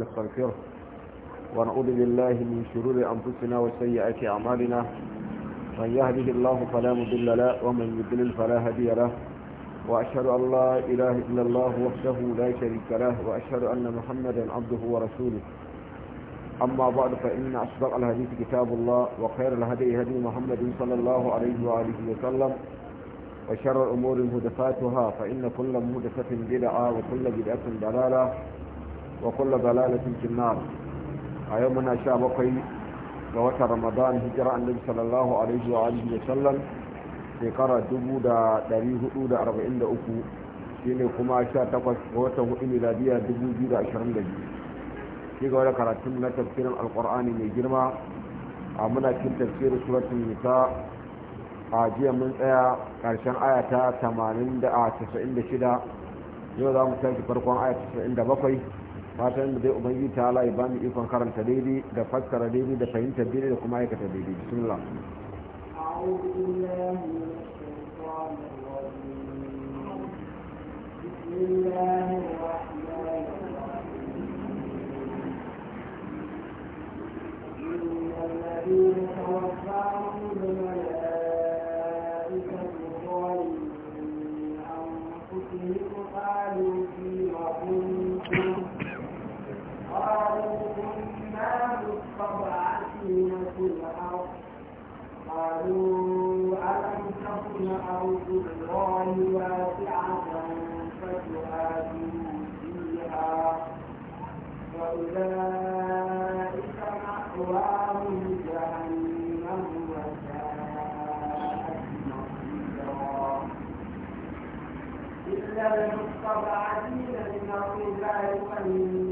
نستغفره ونعوذ بالله من شرور أنفسنا وسيئات أعمالنا من يهده الله فلا مضل له ومن يضلل فلا هادي له وأشهد أن لا إله إلا الله وحده لا شريك له وأشهد أن محمدا عبده ورسوله أما بعد فإن أصدق الحديث كتاب الله وخير الهدي هدي محمد صلى الله عليه وآله وسلم وشر الأمور مهدفاتها فإن كل مهدفة بدعة وكل بدعة ضلالة وكل ضلالة في النار أيامنا شابقي لوتى رمضان هجرة النبي صلى الله عليه وآله وسلم في قرى دبو دا داريه دا أربعين دا shine kuma sha takwas ga watan hudu miladiya dubu biyu da ashirin da biyu shi ga wani karatun na tafsirin alkur'ani mai girma a muna cin tafsirin suratun nisa a jiya mun tsaya karshen aya ta tamanin da a casa'in da shida yau za mu tafi farkon aya casa'in da bakwai fatan da zai ubangiji ta ala ya bani ikon karanta daidai da fassara daidai da fahimtar daidai da kuma aikata daidai bismillah الذين توفاهم قالوا ألم تكن أرض الله واسعة فتهاجروا فيها وأولئك مأواهم جهنم وساءت مصيرا إلا المستضعفين من الرجال والنساء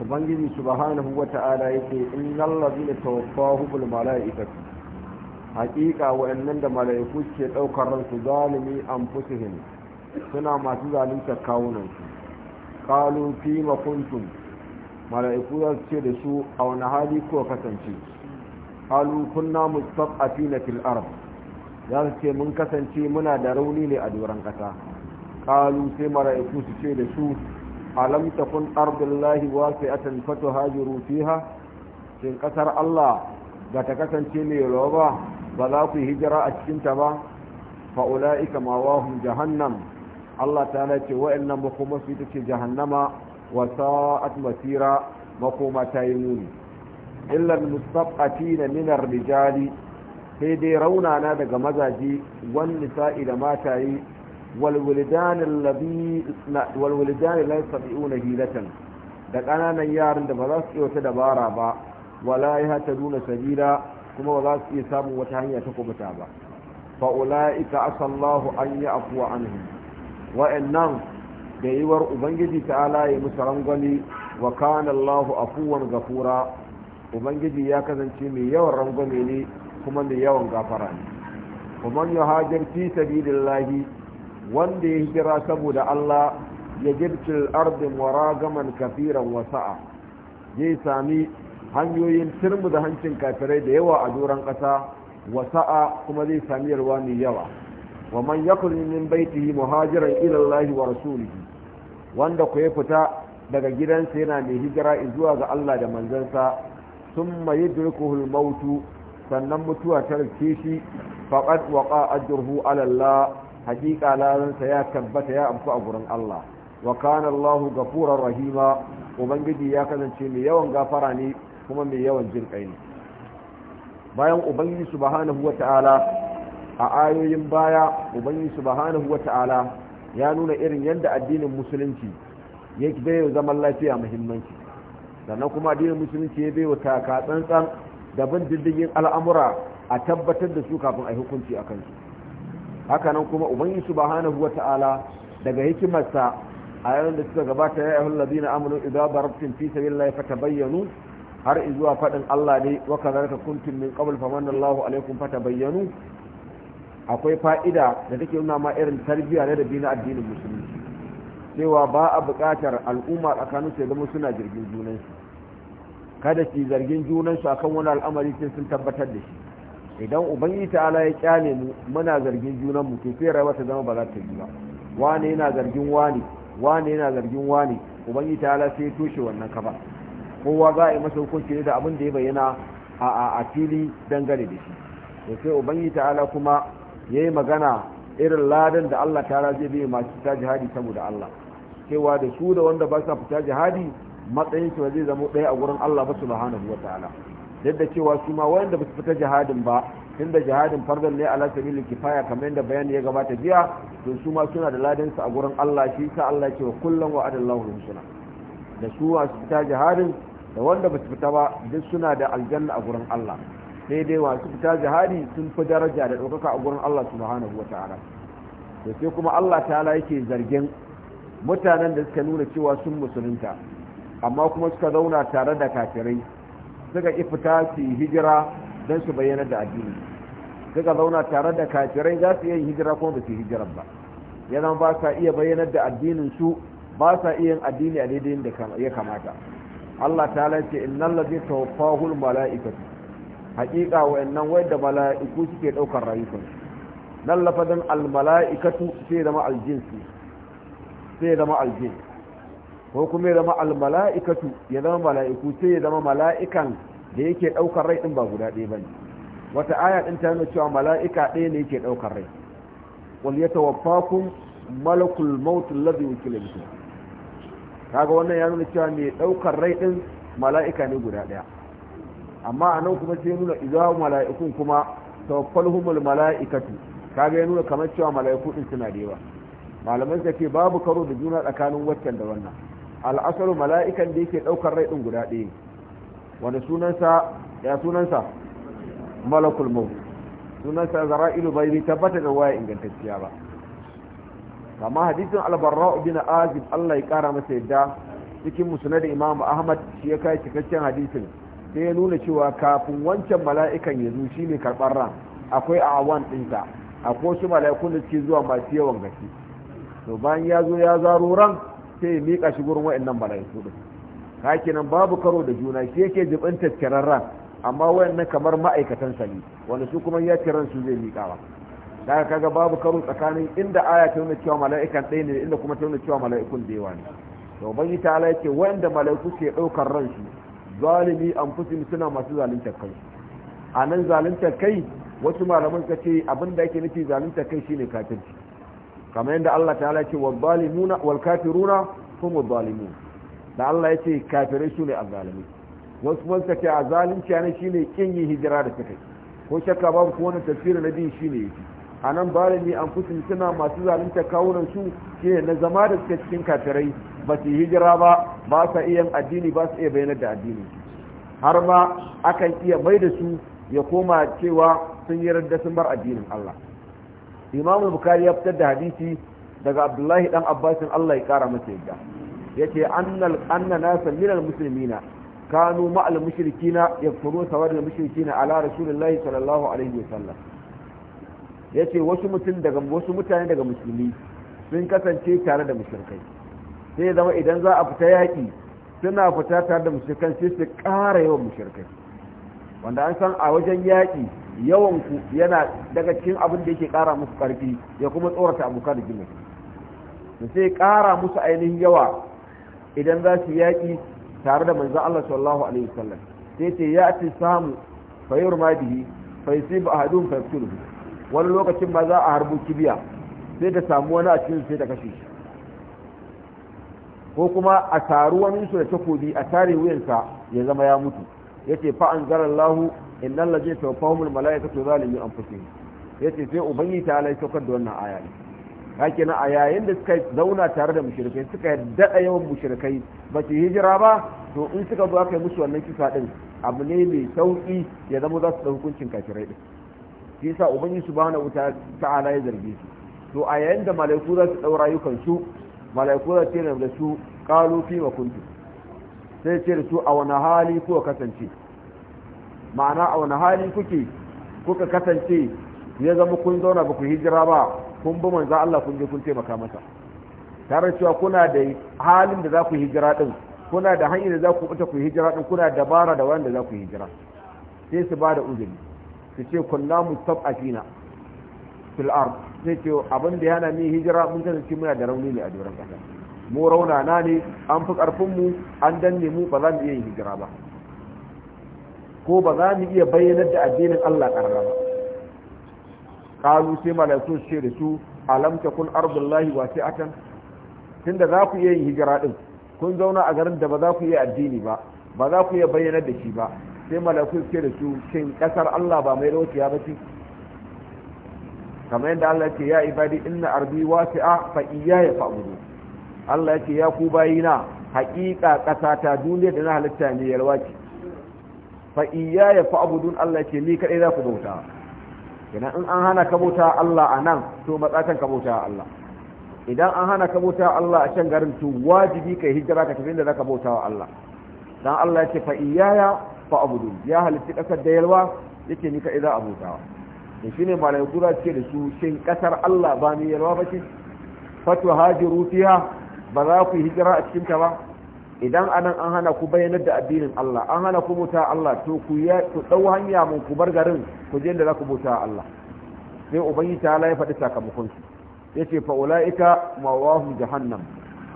ubangiji subhanahu ta'ala yake innal ladina tawaffahumul mala'ikatu haqiqa wa'annan da mala'iku ke daukar ransu zalimi anfusihim suna masu zalunta kawunan su qalu fima kuntum mala'iku za su ce da su a wani hali ko kasance qalu kunna mustaqafina fil ard za su ce mun kasance muna da rauni ne a doron ƙasa. qalu sai mala'iku su ce da su alam takun ardullahi wasi'atan fatuhajiru fiha shin kasar Allah ba ta kasance mai roba ba za ku hijira a cikin ta ba fa ulaika mawahum jahannam Allah ta ce wa'annan makoma su ita ce jahannama wa sa'at masira makoma ta yi muni illa mustaqatina min ar-rijali sai dai raunana daga mazaji wani nisa'i da mataye والولدان الذي والولدان لا da ƙananan yaran da ba za su iya wata dabara ba wala ya hata nuna sabila kuma ba za su iya samun wata hanya ta kubuta ba fa ulaika asallahu an ya afuwa anhum da yiwar ubangiji ala ya musu rangwani wa kana Allahu afuwan gafura ubangiji ya kasance mai yawan rangwani ne kuma mai yawan gafara ne kuma ya hajar fi wanda ya hijira saboda Allah ya jircin ardin wa ragaman kafiran wasa'a zai sami hanyoyin turmu da hancin kafirai da yawa a doron ƙasa wasa'a kuma zai sami yarwa mai yawa wa man yakun min baitihi muhajiran ila Allah wa rasulihi wanda ku ya fita daga gidansa yana mai hijira zuwa ga Allah da manzansa thumma yudrikuhu al-mautu sannan mutuwa ta rike shi faqad waqa ajruhu ala Allah hakika lalansa ya tabbata ya amfu a gurin Allah wa kana Allah gafurar rahima ubangiji ya kasance mai yawan gafara ne kuma mai yawan jin kai ne bayan ubangiji subhanahu wata'ala a ayoyin baya ubangiji subhanahu wata'ala ya nuna irin yadda addinin musulunci ya bai zaman lafiya muhimmanci sannan kuma addinin musulunci ya bai wa taka tsantsan da bin diddigin al'amura a tabbatar da su kafin a yi hukunci a kansu hakanan kuma ubangi subhanahu wata'ala daga hikimarsa a yayin da suka gabata ya ayyuhal ladina amanu idza darabtum fi sabilillahi fatabayyanu har izuwa fadin Allah ne wa kadhalika kuntum min qabl famanna Allahu alaykum fatabayyanu akwai fa'ida da take nuna ma irin tarbiya na da dinin addinin musulunci cewa ba a buƙatar al'umma tsakanin su zama suna jirgin junansu kada su zargin junansu akan wani al'amari sai sun tabbatar da shi idan ubangiji ala ya kyale mu muna zargin junan mu to sai rayuwa ta zama ba za ta yi ba wane yana zargin wane wane yana zargin wane ubangiji ala sai toshe wannan kafa kowa za a yi masa hukunci ne da abin da ya bayyana a a a fili dangane da shi to sai ubangiji ala kuma ya yi magana irin ladan da Allah ala zai bai masu fita jihadi saboda Allah cewa da su da wanda ba sa fita jihadi matsayin su zai zama ɗaya a gurin Allah ba subhanahu wa ta'ala duk da cewa su ma wanda ba su fita jihadin ba tunda jihadin farzan ne ala sabili kifaya kamar yadda bayani ya gabata jiya to su ma suna da ladin su a gurin Allah shi sa Allah ce wa kullum wa adallahu husna da su wa su fita jihadin da wanda ba su fita ba duk suna da aljanna a gurin Allah sai dai wa su fita jihadi sun fi daraja da ɗaukaka a gurin Allah subhanahu wa ta'ala to sai kuma Allah ta'ala yake zargin mutanen da suka nuna cewa sun musulunta amma kuma suka zauna tare da kafirai suka ifita fita su hijira don su bayyana da addini suka zauna tare da kafirai za su yi hijira kuma ba su yi hijira ba yana ba sa iya bayyanar da addinin su ba sa iya yin addini a daidai da ya kamata Allah ta lace innal ladzi tawaffahul mala'ikatu haqiqa wa'annan da mala'iku suke ɗaukar rayukan nan lafadin al mala'ikatu sai zama aljinsu. sai zama ko kuma ya zama almala'ikatu ya zama mala'iku sai ya zama mala'ikan da yake ɗaukar rai din ba guda ɗaya ba wata aya din ta nuna cewa mala'ika ɗaya ne yake ɗaukar rai wal ya malakul maut alladhi wukila kaga wannan ya nuna cewa mai ɗaukar rai din mala'ika ne guda ɗaya amma a nan kuma sai nuna idza mala'ikun kuma tawaffalhumul mala'ikatu kaga ya nuna kamar cewa mala'iku din suna da yawa malaman sai ke babu karo da juna tsakanin waccan da wannan al'asaru mala'ikan da yake ɗaukar rai ɗin guda ɗaya wanda sunansa ya sunansa malakul sunansa zara'ilu bai bai tabbata da waya ingantacciya ba kama hadisin albarra bin azib Allah ya kara masa yadda cikin musnad imam ahmad shi ya kai cikakken hadisin sai ya nuna cewa kafin wancan mala'ikan ya zo shine karbar ran akwai awan ɗinsa akwai wasu mala'ikun da suke zuwa masu yawan gaske to bayan ya zo ya zaro ran sai ya miƙa shi gurin wa'annan mala'iku din hakinan babu karo da juna shi yake jibin tattaran ran amma wa'annan kamar ma'aikatan sani wanda su kuma ya tiran su zai miƙa ba da kaga babu karo tsakanin inda aya ta nuna cewa mala'ikan ɗaya ne inda kuma ta nuna cewa mala'ikun da yawa ne to ban ta ala yake wanda mala'iku ke ɗaukar ran su zalimi an fusi suna masu zaluntar kai a nan zaluntar kai wasu malaman ka ce abinda da ake nufi zaluntar kai shine kafirci kamar yadda Allah ta ya ce walkafiruna zalimuna wal kafiruna wa da Allah ya ce kafirai su ne azzalimi wasu a suka ce shi ne kin yi hijira da suka ko shakka babu ko wani tafsiri na biyu shine yake a nan balimi an kusur suna masu zalunta kawunan su ke na zama da suka cikin kafirai ba su hijira ba ba sa iya addini ba su iya bayanar da addini har ma akan iya mai da su ya koma cewa sun yi radda sun bar addinin Allah imam bukari ya fitar da hadisi daga abdullahi dan abbasin allah ya kara masa yadda ya ce anna nasa minal musulmina kanu ma'al mushrikina yafturu sawar da mushrikina ala rasulullahi sallallahu alaihi wasallam ya ce wasu mutum daga wasu mutane daga musulmi sun kasance tare da mushrikai sai zama idan za a fita yaƙi suna fita tare da mushrikai sai su ƙara yawan mushrikai wanda an san a wajen yaƙi yawan ku yana daga cikin abin da yake kara musu karfi ya kuma tsorata abokan rigimar da sai kara musu ainihin yawa idan za su yaƙi tare da manzan Allah sallallahu alaihi wasallam sai ce ya ci samu fayar ma bihi sai ba hadun faktulu wani lokacin ma za a harbu kibiya sai ta samu wani a cikin sai ta kashe ko kuma a taru wani su da takobi a tare wuyansa ya zama ya mutu yace fa innal ladhi tawaffahumul malaikatu zalimi anfusihim yace sai ubangi ta alai saukar da wannan aya ne haka na a yayin da suka zauna tare da mushrikai suka dada yawan mushrikai ba su hijira ba to in suka zo aka yi musu wannan kisa din abu ne mai sauki ya zama za su da hukuncin kafirai din shi yasa ubangi subhanahu ta'ala ya zarge su to a yayin da malaiku za su dau rayukan su malaiku za su da su qalu fi wa kuntu sai ce da su a wani hali ko kasance ma'ana a wani hali kuke kuka kasance ya zama kun zauna ba ku hijira ba kun bi manzo Allah kun je kun taimaka masa tare cewa kuna da halin da za ku hijira din kuna da hanyar da za ku fita ku hijira din kuna da dabara da wanda za ku hijira sai su ba da uzuri su ce kunna mustafafina fil ard sai ce abin da yana ni hijira mun kasance muna da rauni ne a doron kasa mu rauna na ne an fi karfin mu an danne mu ba za mu iya hijira ba ko ba za mu iya bayyanar da addinin Allah karara ba kalu sai malaiku ce da su alam kun ardullahi wasi'atan tunda za ku iya yin hijira din kun zauna a garin da ba za ku iya addini ba ba za ku iya bayyanar da shi ba sai malaiku ce da su shin kasar Allah ba mai rautiya ba ce kamar yadda Allah ce ya ibadi inna ardi wasi'a fa iyaya fa'budu Allah ce ya ku bayina haƙiƙa ƙasa ta duniya da na halitta ne yalwa fa iyaya fa'budun Allah ke ni kadai za ku bauta idan in an hana ka bauta Allah nan, to matsatan ka bauta Allah idan an hana ka bauta Allah a can garin to wajibi kai hijira ka tafi inda zaka bauta wa Allah dan Allah ya ce fa iyaya fa'budun ya halitta kasar da yalwa yake ni kadai za a bautawa to shine malai kura ce da su shin kasar Allah ba ni yalwa ba ce fatu hajiru fiha ba za ku hijira a cikin ta ba idan anan an hana ku bayanar da addinin Allah an hana ku muta Allah to ku ya ku dau hanya mun ku bar garin ku je da za ku muta Allah sai ubangi ta ya faɗi sakamakon su yace fa ulaika mawahum jahannam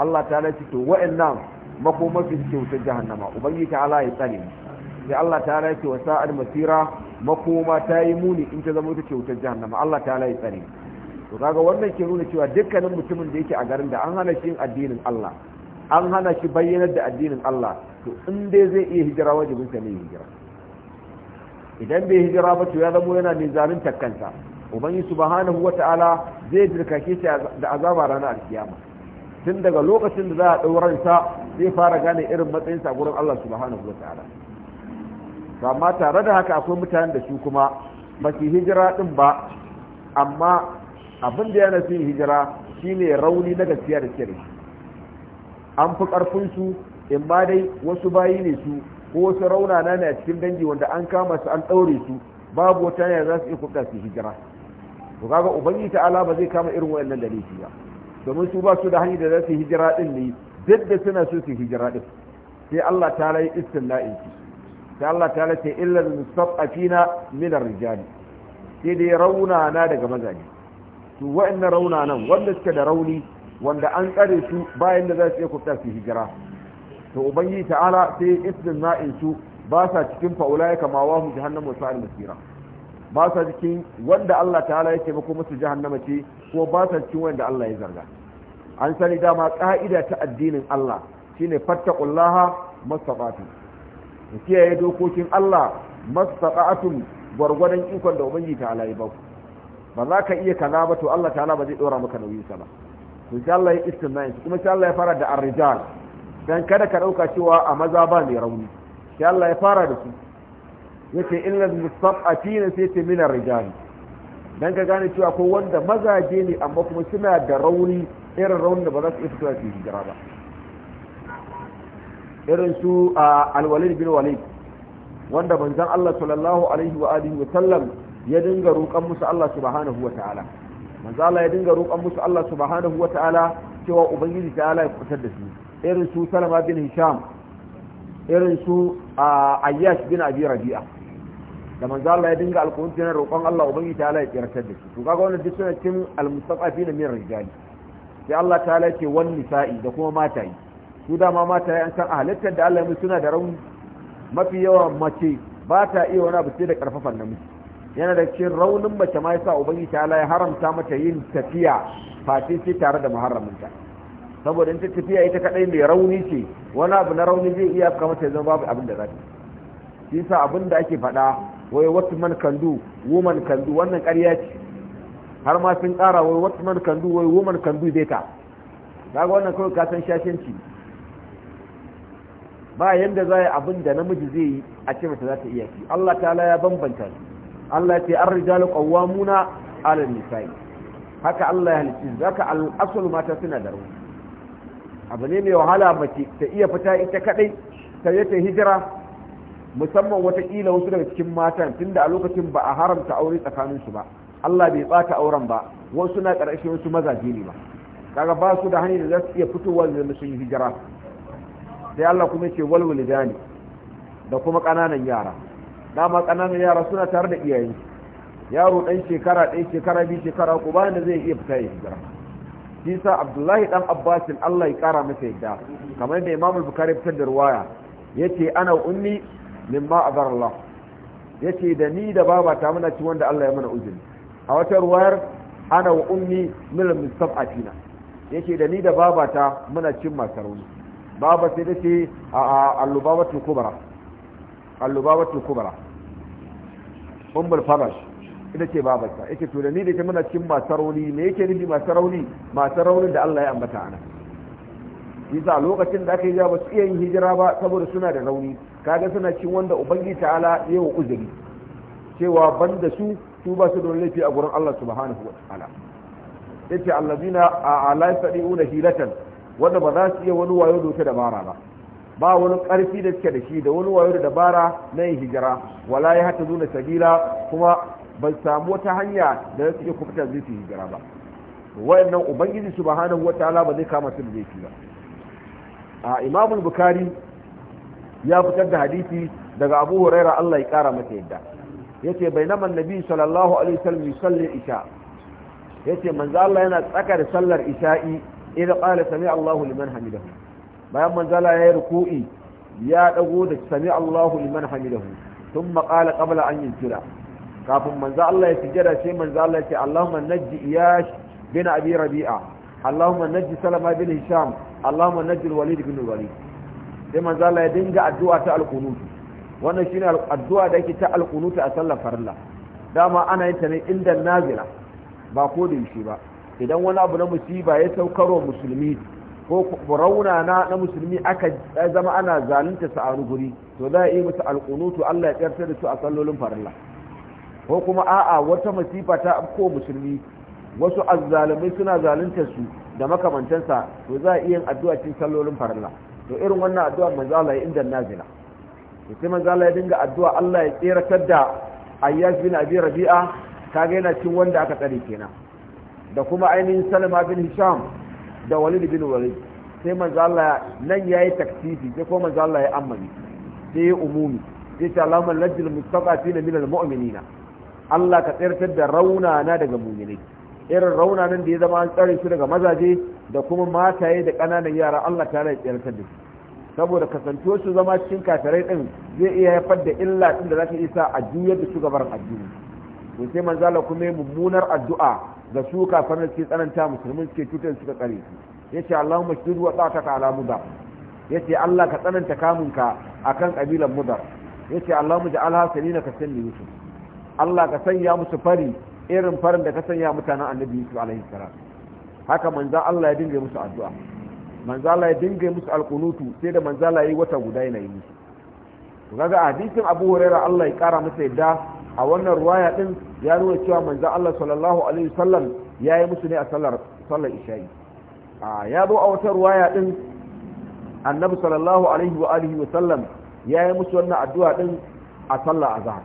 Allah ta ce to wa'annan makomar su ke wuta jahannama ubangi ta ya tsare sai Allah ta ya ce wa sa'al masira makoma ta yi muni in ta zama wuta ce wutar jahannama Allah ta ya tsare to kaga wannan ke nuna cewa dukkanin mutumin da yake a garin da an hana shi addinin Allah an hana shi bayyanar da addinin Allah to in dai zai iya hijira wajibin sa ne hijira idan bai hijira ba to ya zama yana nizamin takkanta ubangi subhanahu wata'ala zai dirkake shi da azaba ranar alkiyama tun daga lokacin da za a ɗauran sa zai fara gane irin matsayin sa gurin Allah subhanahu wata'ala amma tare da haka akwai mutanen da su kuma ba su hijira din ba amma abin da yana su hijira shine rauni na gaskiya da kire an fi ƙarfinsu in ma dai wasu bayi ne su ko wasu raunana ne a cikin dangi wanda an kama su an ɗaure su babu wata yaya za su iya kuɗa su hijira to kaga ubangiji ta'ala ba zai kama irin wayannan da laifi ba domin su ba su da hanyar da za su hijira din ne duk da suna so su hijira din sai Allah ta yi istinla'in ki sai Allah ta ce illa mustaqafina min ar-rijali sai dai raunana daga mazaje to wayannan raunanan wanda suke da rauni wanda an tsare su bayan da za su iya kufta su hijira to ubangiji ta'ala sai istisna'in su ba sa cikin fa'ulai kama wa mu wa sa'il masira ba sa cikin wanda Allah ta'ala ya taimako musu jahannama ce ko ba sa cikin wanda Allah ya zarga an sani dama ka'ida ta addinin Allah shine fattaqullaha mastaqatu kiyaye dokokin Allah mastaqatum gwargwadon ikon da ubangiji ta'ala ya ba ku ba za ka iya kaza ba to Allah ta'ala ba zai dora maka nauyin sa ba to insha Allah ya istinai kuma Insha Allah ya fara da ar-rijal dan kada ka dauka cewa a maza ba ne rauni insha Allah ya fara da su yace illa mustaqatin sai ce min ar-rijal dan ka gane cewa ko wanda mazaje ne amma kuma suna da rauni irin raunin da ba za su iya fitowa su yi hijira ba irin su a alwalid bin walid wanda manzon Allah sallallahu alaihi wa alihi wa sallam ya dinga roƙon musu Allah subhanahu wa ta'ala manzo Allah ya dinga roƙon musu Allah subhanahu wataala cewa ubangiji ta'ala ya kubutar da su irin su Salama bin Hisham irin su Ayyash bin Abi Rabi'a da manzo Allah ya dinga alƙunti na roƙon Allah ubangiji ta'ala ya tsirtar da su to kaga wannan duk suna cikin almustaqafina min rijali sai Allah Allah ya ce wan nisa'i da kuma matayi su dama matayi an san halittar da Allah ya suna da rauni mafi yawan mace ba ta iya wani abu sai da karfafan namiji yana da cikin raunin mace ma yasa ubangiji ta ya haramta mata yin tafiya fati ce tare da muharraminta saboda in ta tafiya ita kadai mai rauni ce wani abu na rauni zai iya kama ta zama babu abin da za ta shi yasa abin da ake faɗa wai what man can do woman can do wannan ƙarya ce har ma sun ƙara wai what man can do wai woman can do beta kaga wannan kawai ka san shashanci ba yanda za yi abin da namiji zai yi a ce mata za ta iya shi Allah ta Allah ya bambanta shi Allah ya ce an rijalu qawwamuna ala nisa'i haka Allah ya halicci zaka al mata suna da rauni abu ne mai wahala mace ta iya fita ita kadai ta yi hijira musamman watakila wasu daga cikin matan tunda a lokacin ba a haramta aure tsakanin su ba Allah bai bata auren ba wasu na karshe wasu mazaje ne ba kaga ba su da hanyar da za su iya fitowa da sun yi hijira sai Allah kuma ce walwul da kuma ƙananan yara dama ƙananan yara suna tare da iyayen yaro ɗan shekara ɗaya shekara biyu shekara uku bayan da zai iya fita ya hijira shi sa abdullahi ɗan abbasin allah ya ƙara masa yadda kamar da imamul bukari fitar da ruwaya ya ce ana ummi ma azar allah ya ce da ni da baba ta muna ci wanda allah ya mana uzuri a wata ruwayar ana wa ummi a mustaf'atina ya ce da ni da baba ta muna cin masu baba sai da ce a allubawatu kubra al-lubawatul kubra ummul farash ita ce babarsa yake to da ni da ke muna cikin masu rauni me yake nufi masu rauni masu raunin da Allah ya ambata ana yasa lokacin da aka yi ba su iya yin hijira ba saboda suna da rauni kaga suna cikin wanda ubangi ta'ala ya wa uzuri cewa banda su su ba su da laifi a gurin Allah subhanahu wa ta'ala yace allazina a la yastadi'una hilatan wanda ba za su iya wani wayo doke dabara ba ba wani ƙarfi da suke da shi da wani wayo da dabara na yin hijira wala ya hata zuna sabila kuma ba samu wata hanya da za su iya kufuta zai su hijira ba wayannan ubangiji subhanahu wataala ba zai kama su da zai ba a imamu bukari ya fitar da hadisi daga abu huraira allah ya kara masa yadda yace bainama annabi sallallahu alaihi wasallam yusalli isha ce manzo allah yana tsaka da sallar isha'i idan qala sami allahu liman hamidahu bayan manzala ya yi ruku'i ya dago da sami Allahu liman hamidahu thumma qala qabla an yantira kafin manzo Allah ya sujada sai manzo Allah ya ce Allahumma najji iyash bin abi rabi'a Allahumma najji salama bin hisham Allahumma najji walid bin walid sai manzo Allah ya dinga addu'a ta alqunut wannan shine addu'a da yake ta alqunut a sallar farilla dama ana yin ta ne inda nazira ba ko da yushi ba idan wani abu na musiba ya wa musulmi ko rauna na na musulmi aka zama ana zalunta su a guri to za a yi musu alƙunutu Allah ya tsarta da su a sallolin farilla ko kuma a'a wata masifa ta ko musulmi wasu azzalumai suna zalunta su da makamantansa to za a iya addu'a cikin sallolin farilla to irin wannan addu'a manzo Allah ya inda nazila to sai manzo Allah ya dinga addu'a Allah ya tsira da Ayyaz bin Abi Rabi'a kage yana cin wanda aka tsare kenan da kuma ainihin Salma bin Hisham da da bin wali, sai manzo Allah nan yayi taktifi sai ko manzo Allah ya ammani sai ya umumi sai ta Allahumma lajil mustaqatina minal mu'minina Allah ka tsirtar da raunana na daga mu'minai irin rauna nan da ya zama an tsare su daga mazaje da kuma mataye da ƙananan yara Allah ta rai tsirtar da su saboda kasantuwar su zama cikin kafirai din zai iya haifar da illa din da za ta isa a juyar da su addini sai man Allah kuma mummunar addu'a ga su kafirin suke tsananta musulmin suke cutar suka kare su yace Allahumma shiru wa ta ala mudar yace Allah ka tsananta kamunka akan kabilan mudar yace Allahumma ja'alha salina ka sanni yusuf Allah ka sanya musu fari irin farin da ka sanya mutanen annabi yusuf alaihi salam haka manzo Allah ya dinga musu addu'a manzo Allah ya dinga musu alqunutu sai da manzo Allah yi wata guda yana yi musu kaga hadisin Abu Hurairah Allah ya kara masa yadda a wannan ruwaya din ya nuna cewa manzon Allah sallallahu alaihi wasallam yayi musu ne a sallar sallar isha'i a ya zo a wata ruwaya din annabi sallallahu alaihi wa alihi wasallam yayi musu wannan addu'a din a sallar azhar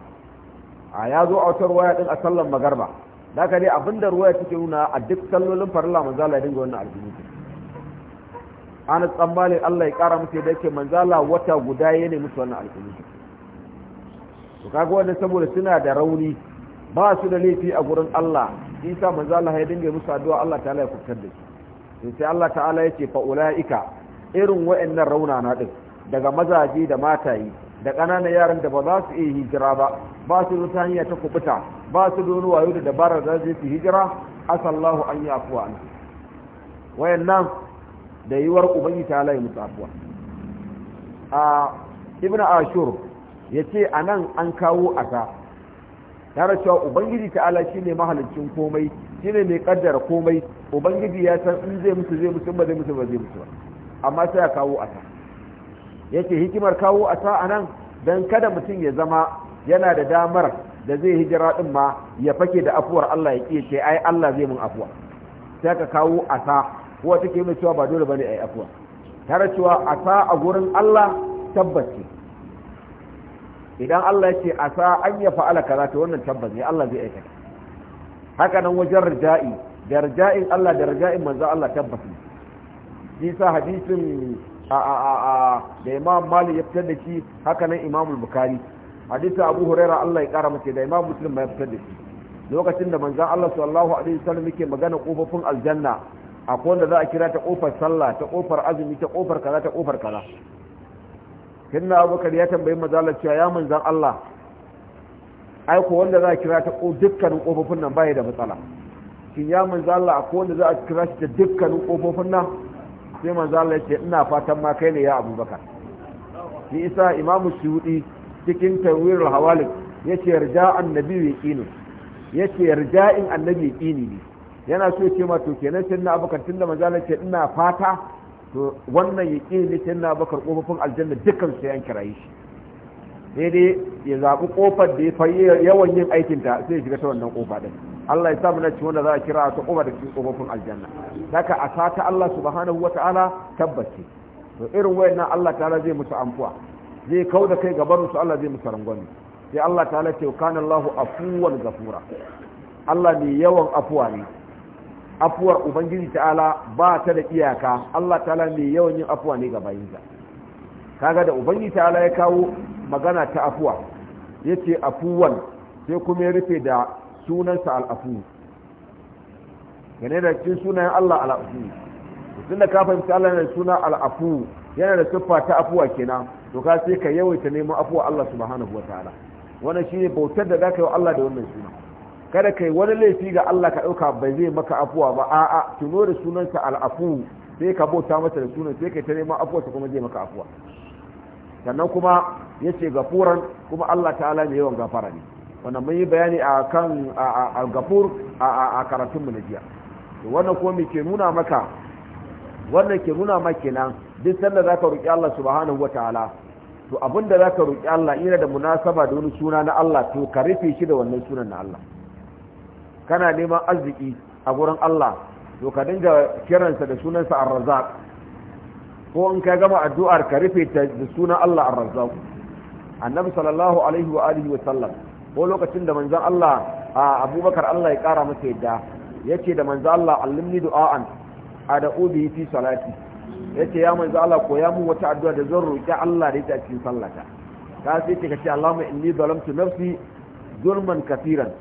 a ya zo a wata ruwaya din a sallar magarba da ka dai abinda ruwaya take nuna a duk sallolin farilla manzo Allah ya dinga wannan alfini ana tsammanin Allah ya kara musu da yake manzala wata guda ne musu wannan alƙibla to kaga wannan saboda suna da rauni ba su da laifi a gurin Allah isa manzo Allah ya dinga musu addu'a Allah ta'ala ya kubutar da su sai Allah ta'ala ya ce fa ulaika irin rauna na din daga mazaje da matayi da ƙananan yaran da ba za su iya hijira ba ba su da hanya ta kubuta ba su da wayo da dabarar da zai su hijira asallahu an yafuwa an wayannan da yiwar ubangi ta halaye musu afuwa a ibn ashur ya ce a nan an kawo asa tare cewa ubangiji ta'ala shi ne mahalicin komai shi ne mai kaddara komai ubangiji ya san in zai musu zai musu ba zai musu ba zai musu ba amma sai ya kawo asa ya ce hikimar kawo asa a nan don kada mutum ya zama yana da damar da zai hijira din ma ya fake da afuwar Allah ya ƙi ce ai Allah zai mun afuwa sai ka kawo asa kuwa take mai cewa ba dole bane ai afuwa tare cewa asa a gurin Allah tabbaci idan Allah ya ce a sa an ya fa'ala kaza ta wannan tabbas ne Allah zai aikata haka nan wajen rija'i da rija'in Allah da rija'in manzan Allah tabbas ne shi sa hadisin a da Imam malu ya fitar da shi haka nan Imam Bukhari hadisin Abu Hurairah Allah ya kara mace da Imam musulun ya fitar da shi lokacin da manzan Allah sallallahu alaihi wasallam yake magana kofofin aljanna akwai wanda za a kira ta kofar sallah ta kofar azumi ta kofar kaza ta kofar kaza sayyidina abubakar ya tambayi mazalar cewa ya manzan Allah aiko wanda za a kira ta ko dukkanin kofofin nan baya da matsala shin ya manzan Allah ko wanda za a kira shi da dukkanin kofofin nan sai manzan Allah ce ina fatan ma kai ne ya abubakar ni isa imamu suyudi cikin tawirul hawalik yace rja annabi yaqinu yace rja'in annabi kini ne yana so ce ma to kenan sayyidina abubakar tunda manzan Allah ce ina fata to wannan ya ƙi ne sai na bakar ƙofofin aljanna dukkan su yan kirayi shi sai dai ya zaɓi ƙofar da ya fayi yawan yin aikinta sai ya shiga ta wannan ƙofa ɗin Allah ya samu na ci wanda za a kira ta ƙofa da cikin ƙofofin aljanna daga a sata Allah subhanahu wa ta'ala tabbace to irin wayannan Allah ta'ala zai musu amfuwa zai kau da kai gaban su Allah zai musu rangwani. sai Allah ta'ala ce kana Allahu afuwan gafura Allah mai yawan afuwa ne afuwar ubangiji ta'ala ba ta da iyaka Allah ta'ala mai yawan yin afuwa ne ga bayinsa kaga da ubangiji ta'ala ya kawo magana ta afuwa ya ce afuwan sai kuma ya rufe da sunansa al'afu gane da cikin sunayen Allah al'afu tun da ka fahimci Allah yana da suna al'afu yana da siffa ta afuwa kenan to ka sai ka yawaita neman afuwa Allah subhanahu wa ta'ala wannan shine bautar da zaka yi wa Allah da wannan suna kada kai wani laifi ga Allah ka ɗauka bai zai maka afuwa ba a'a tuno da sunansa al'afu sai ka bauta masa da sunan sai kai ta neman afuwarsa kuma zai maka afuwa sannan kuma ya ce gafuran kuma Allah ta'ala mai yawan gafara ne wannan mun yi bayani a kan gafur a mu na jiya wannan kuma mai ke nuna maka wannan ke nuna maka kenan duk sanda za ka roƙi Allah subhanahu wa ta'ala to abinda za ka roƙi Allah ina da munasaba da wani suna na Allah to ka rufe shi da wannan sunan na Allah kana neman arziki a gurin Allah to ka dinga kiransa da sunansa ar-razzaq ko in ka gama addu'ar ka rufe ta da sunan Allah ar-razzaq annabi sallallahu alaihi wa alihi wa sallam ko lokacin da manzon Allah a Abubakar Allah ya kara masa yadda ya ce da manzon Allah allimni du'a'an ad'u bihi fi salati yace ya manzon Allah ko ya mun wata addu'a da zan roki Allah da ita cikin sallata ka sai ce kace Allahumma inni zalamtu nafsi zulman kafiran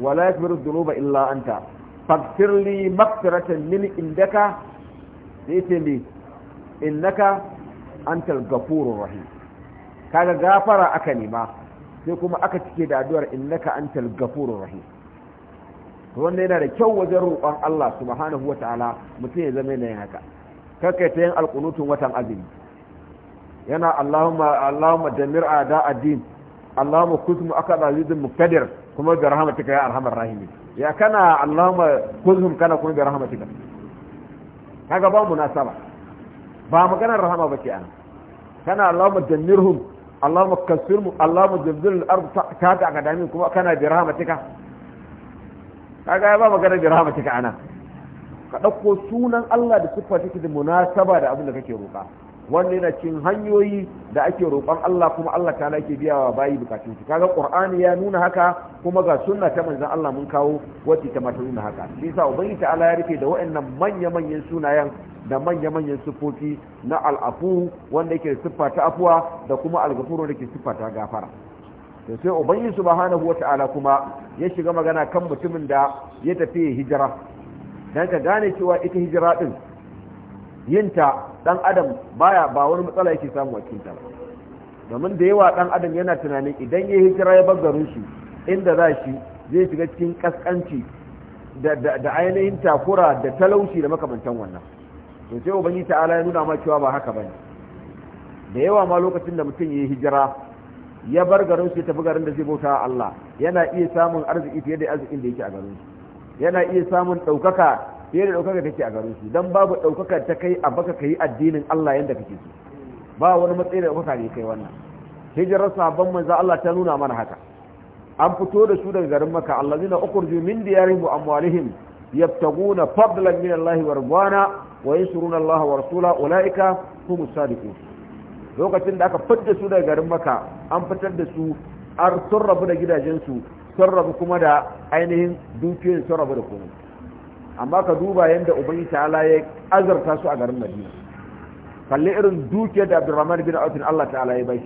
wala yakbiru dhunuba illa anta faghfir li maghfiratan min indaka sai ce me innaka antal ghafurur rahim kaga gafara aka nema sai kuma aka cike da addu'ar innaka antal ghafurur rahim wanda yana da kyau wajen roƙon Allah subhanahu wa ta'ala mutum ya zama yanayin haka kakka ta yin alƙunutun watan azumi yana Allahumma Allahumma damir a'da addin Allahumma kusmu aka azizin muktadir kuma bi rahmatika ya arhamar rahimi ya kana allahumma kuzhum kana kuma bi rahmatika kaga ba munasaba ba maganar rahama bace ana kana allahumma dammirhum allahumma kasirhum allahumma zilzil al-ard kaga akadami kuma kana bi rahmatika kaga ba maganar bi rahmatika ana ka dauko sunan Allah da sifatiki da munasaba da abin da kake roƙa wanda yana cin hanyoyi da ake roƙon Allah kuma Allah ta yake biya wa bayi bukatun su kaga Qur'ani ya nuna haka kuma ga sunna ta manzon Allah mun kawo wacce ta mata nuna haka shi yasa ubangi ta Allah ya rufe da waɗannan manya manyan sunayen da manya manyan sifofi na al'afu wanda yake siffa ta afuwa da kuma al-ghafuru da ke siffa ta gafara to sai ubangi subhanahu wata'ala kuma ya shiga magana kan mutumin da ya tafi hijira dan ka gane cewa ita hijira din yinta dan adam baya ba wani matsala yake samu a cikin ba domin da yawa dan adam yana tunanin idan ya hijira ya bar garin shi inda za shi zai shiga cikin kaskanci da ainihin takura da talauci da makamantan wannan to sai ubangi ta'ala ya nuna ma cewa ba haka bane da yawa ma lokacin da mutum ya hijira ya bar garin shi tafi garin da zai bauta Allah yana iya samun arziki fiye da arzikin da yake a garin shi yana iya samun ɗaukaka fiye da ɗaukaka take a garin su don babu ɗaukaka ta kai a baka kai addinin Allah yadda kake so ba wani matsayi da ɗaukaka ne kai wannan hijirar sahabban manzo Allah ta nuna mana haka an fito da su daga garin maka allazina ukurju min diyarihim wa amwalihim yabtaguna fadlan min Allah wa ridwana wa yansuruna Allah wa rasula ulaika humus sadiqun lokacin da aka fitar su daga garin maka an fitar da su an sun rabu da gidajensu sun rabu kuma da ainihin dukiyar sun da komai amma ka duba yadda ubangi ta'ala ya azarta su a garin madina kalli irin dukiyar da abdurrahman bin aufin Allah ta'ala ya bai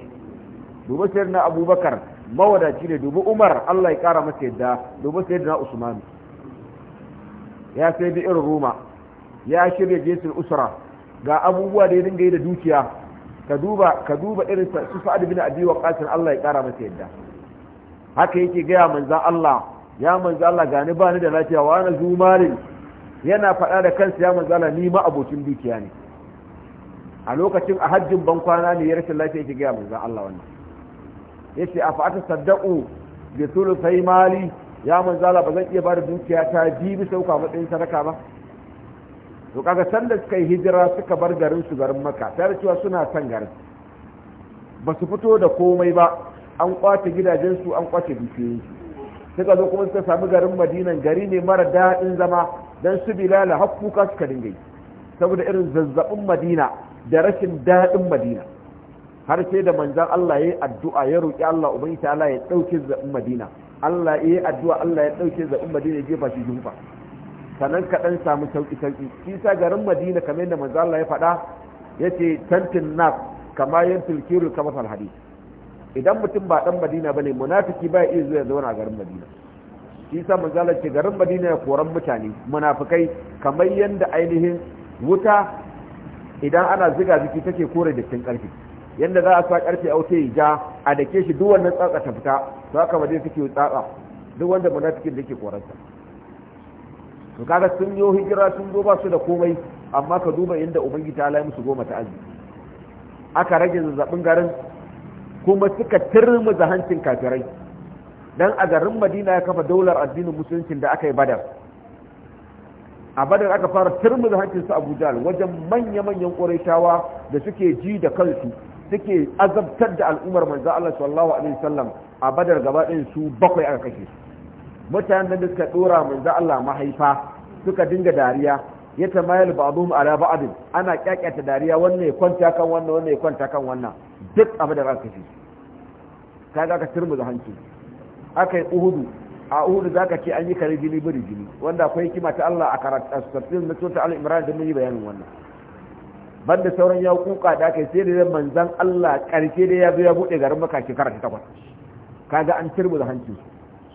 duba na abubakar mawadaci ne dubu umar Allah ya kara masa yadda duba na usman ya sai da irin roma ya shirya jesul usra ga abubuwa da ya dinga yi da dukiya ka duba ka duba irin su fa'ad bin abi waqas Allah ya kara masa yadda haka yake gaya manzan Allah ya manzan Allah gani bani da lafiya wa ana zumarin yana faɗa da kansa ya manzala ni ma abokin dukiya ne a lokacin a hajjin ban kwana ne ya rashin lafiya yake gaya manzan Allah wannan ya ce a fa'ata Sadda'u da sulu sai mali ya manzala ba zan iya ba da dukiya ta bi bi sauka matsayin sadaka ba to kaga sanda suka yi hijira suka bar garin su garin maka da cewa suna san garin ba su fito da komai ba an kwace gidajensu an kwace dukiyoyinsu suka zo kuma suka sami garin madinan gari ne mara daɗin zama dan su bilala har kuka suka dinga yi saboda irin zazzabin madina da rashin daɗin madina har sai da manzan Allah ya yi addu'a ya roƙi Allah ubangi ta Allah ya ɗauke zaɓin madina Allah ya yi addu'a Allah ya ɗauke zaɓin madina ya jefa shi jumfa sannan ka ɗan samu sauƙi sauƙi shi sa garin madina kamar yadda manzan Allah ya faɗa ya ce tantin naf kama yin filkiru kamar falhadi idan mutum ba ɗan madina ba ne munafiki ba iya zuwa zauna a garin madina shi mun manzala ce garin madina ya koran mutane munafikai kamar yanda ainihin wuta idan ana ziga ziki take kore dattin karfi yanda za a sa karfe a wuta ya ja a dake shi duk wannan tsatsa ta fita to haka ba zai take tsatsa duk wanda munafikin da ke korarsa to kaga sun yo hijira sun zo ba su da komai amma ka duba inda ubangiji ta lai musu goma ta arziki aka rage zazzabin garin kuma suka turmuza hancin kafirai dan a garin madina ya kafa daular addinin musulunci da aka yi badar a badar aka fara turmuzi hankinsu abu wajen manya-manyan ƙorashawa da suke ji da kansu suke azabtar da al'ummar manzo Allah sallallahu alaihi wasallam a badar gaba ɗin su bakwai aka kashe mutanen da suka dora manzo Allah mahaifa suka dinga dariya ya tamayal ba'dhum ala ba'd ana kyakyata dariya wannan ya kwanta kan wannan wannan ya kwanta kan wannan duk a badar aka kashe kaga aka turmuzi hancinsu aka yi uhudu a uhudu za ka ce an yi kare jini bari jini wanda akwai hikima ta Allah a karatu na tsohon al-imran da mun yi bayanin wannan banda sauran ya kuka da aka yi sai da manzan Allah karshe da ya zo ya buɗe garin maka shekara karata takwas kaga an da hanci